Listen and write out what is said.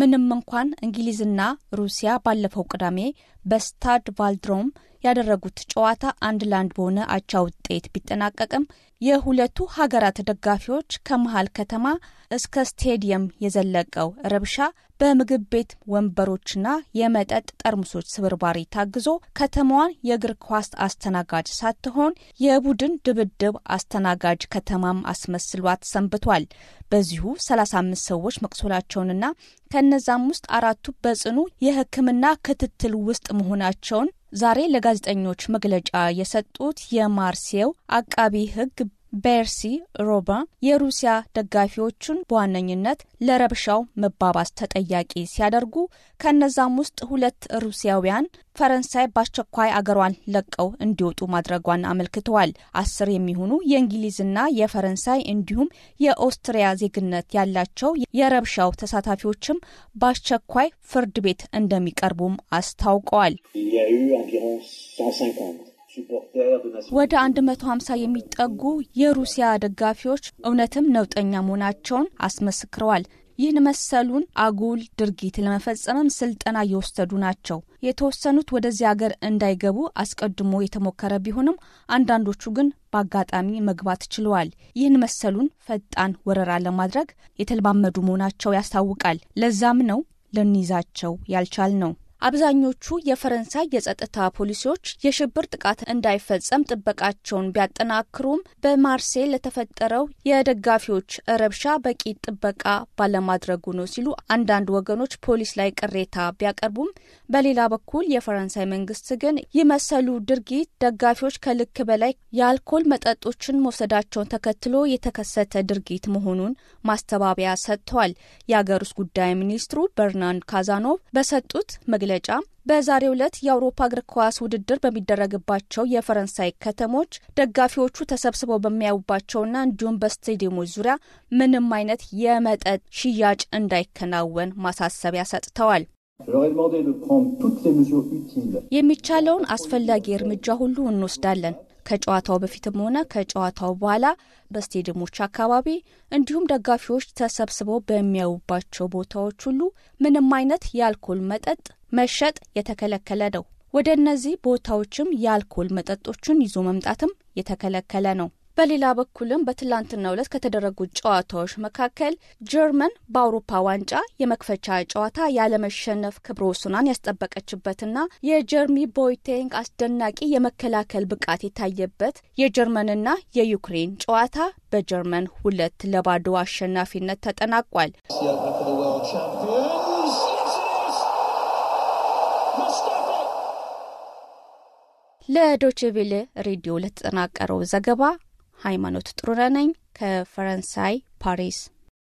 ምንም እንኳን እንግሊዝና ሩሲያ ባለፈው ቅዳሜ በስታድ ቫልድሮም ያደረጉት ጨዋታ አንድ ላንድ በሆነ አቻ ውጤት ቢጠናቀቅም የሁለቱ ሀገራት ደጋፊዎች ከመሀል ከተማ እስከ ስቴዲየም የዘለቀው ረብሻ በምግብ ቤት ወንበሮችና የመጠጥ ጠርሙሶች ስብርባሪ ታግዞ ከተማዋን የእግር ኳስ አስተናጋጅ ሳትሆን የቡድን ድብድብ አስተናጋጅ ከተማም አስመስሏት ሰንብቷል። በዚሁ 35 ሰዎች መቁሰላቸውንና ከእነዛም ውስጥ አራቱ በጽኑ የሕክምና ክትትል ውስጥ መሆናቸውን ዛሬ ለጋዜጠኞች መግለጫ የሰጡት የማርሴው አቃቢ ሕግ ቤርሲ ሮባ የሩሲያ ደጋፊዎቹን በዋነኝነት ለረብሻው መባባስ ተጠያቂ ሲያደርጉ ከነዛም ውስጥ ሁለት ሩሲያውያን ፈረንሳይ በአስቸኳይ አገሯን ለቀው እንዲወጡ ማድረጓን አመልክተዋል። አስር የሚሆኑ የእንግሊዝና የፈረንሳይ እንዲሁም የኦስትሪያ ዜግነት ያላቸው የረብሻው ተሳታፊዎችም በአስቸኳይ ፍርድ ቤት እንደሚቀርቡም አስታውቀዋል። ወደ 150 የሚጠጉ የሩሲያ ደጋፊዎች እውነትም ነውጠኛ መሆናቸውን አስመስክረዋል። ይህን መሰሉን አጉል ድርጊት ለመፈጸምም ስልጠና እየወሰዱ ናቸው። የተወሰኑት ወደዚህ ሀገር እንዳይገቡ አስቀድሞ የተሞከረ ቢሆንም አንዳንዶቹ ግን በአጋጣሚ መግባት ችለዋል። ይህን መሰሉን ፈጣን ወረራ ለማድረግ የተለማመዱ መሆናቸው ያስታውቃል። ለዛም ነው ልንይዛቸው ያልቻል ነው። አብዛኞቹ የፈረንሳይ የጸጥታ ፖሊሲዎች የሽብር ጥቃት እንዳይፈጸም ጥበቃቸውን ቢያጠናክሩም በማርሴይ ለተፈጠረው የደጋፊዎች ረብሻ በቂ ጥበቃ ባለማድረጉ ነው ሲሉ አንዳንድ ወገኖች ፖሊስ ላይ ቅሬታ ቢያቀርቡም፣ በሌላ በኩል የፈረንሳይ መንግስት ግን ይመሰሉ ድርጊት ደጋፊዎች ከልክ በላይ የአልኮል መጠጦችን መውሰዳቸውን ተከትሎ የተከሰተ ድርጊት መሆኑን ማስተባበያ ሰጥተዋል። የአገር ውስጥ ጉዳይ ሚኒስትሩ በርናንድ ካዛኖቭ በሰጡት መግለጫ በዛሬ ዕለት የአውሮፓ እግር ኳስ ውድድር በሚደረግባቸው የፈረንሳይ ከተሞች ደጋፊዎቹ ተሰብስበው በሚያዩባቸውና እንዲሁም በስቴዲየሞች ዙሪያ ምንም አይነት የመጠጥ ሽያጭ እንዳይከናወን ማሳሰቢያ ሰጥተዋል። የሚቻለውን አስፈላጊ እርምጃ ሁሉ እንወስዳለን። ከጨዋታው በፊትም ሆነ ከጨዋታው በኋላ በስቴዲየሞች አካባቢ እንዲሁም ደጋፊዎች ተሰብስበው በሚያዩባቸው ቦታዎች ሁሉ ምንም አይነት የአልኮል መጠጥ መሸጥ የተከለከለ ነው። ወደ እነዚህ ቦታዎችም የአልኮል መጠጦችን ይዞ መምጣትም የተከለከለ ነው። በሌላ በኩልም በትላንትና ዕለት ከተደረጉ ጨዋታዎች መካከል ጀርመን በአውሮፓ ዋንጫ የመክፈቻ ጨዋታ ያለመሸነፍ ክብረ ወሰኗን ያስጠበቀችበትና የጀርሚ ቦይቴንግ አስደናቂ የመከላከል ብቃት የታየበት የጀርመንና የዩክሬን ጨዋታ በጀርመን ሁለት ለባዶ አሸናፊነት ተጠናቋል። ለዶችቪል ሬዲዮ ለተጠናቀረው ዘገባ ሃይማኖት ጥሩነህ ነኝ ከፈረንሳይ ፓሪስ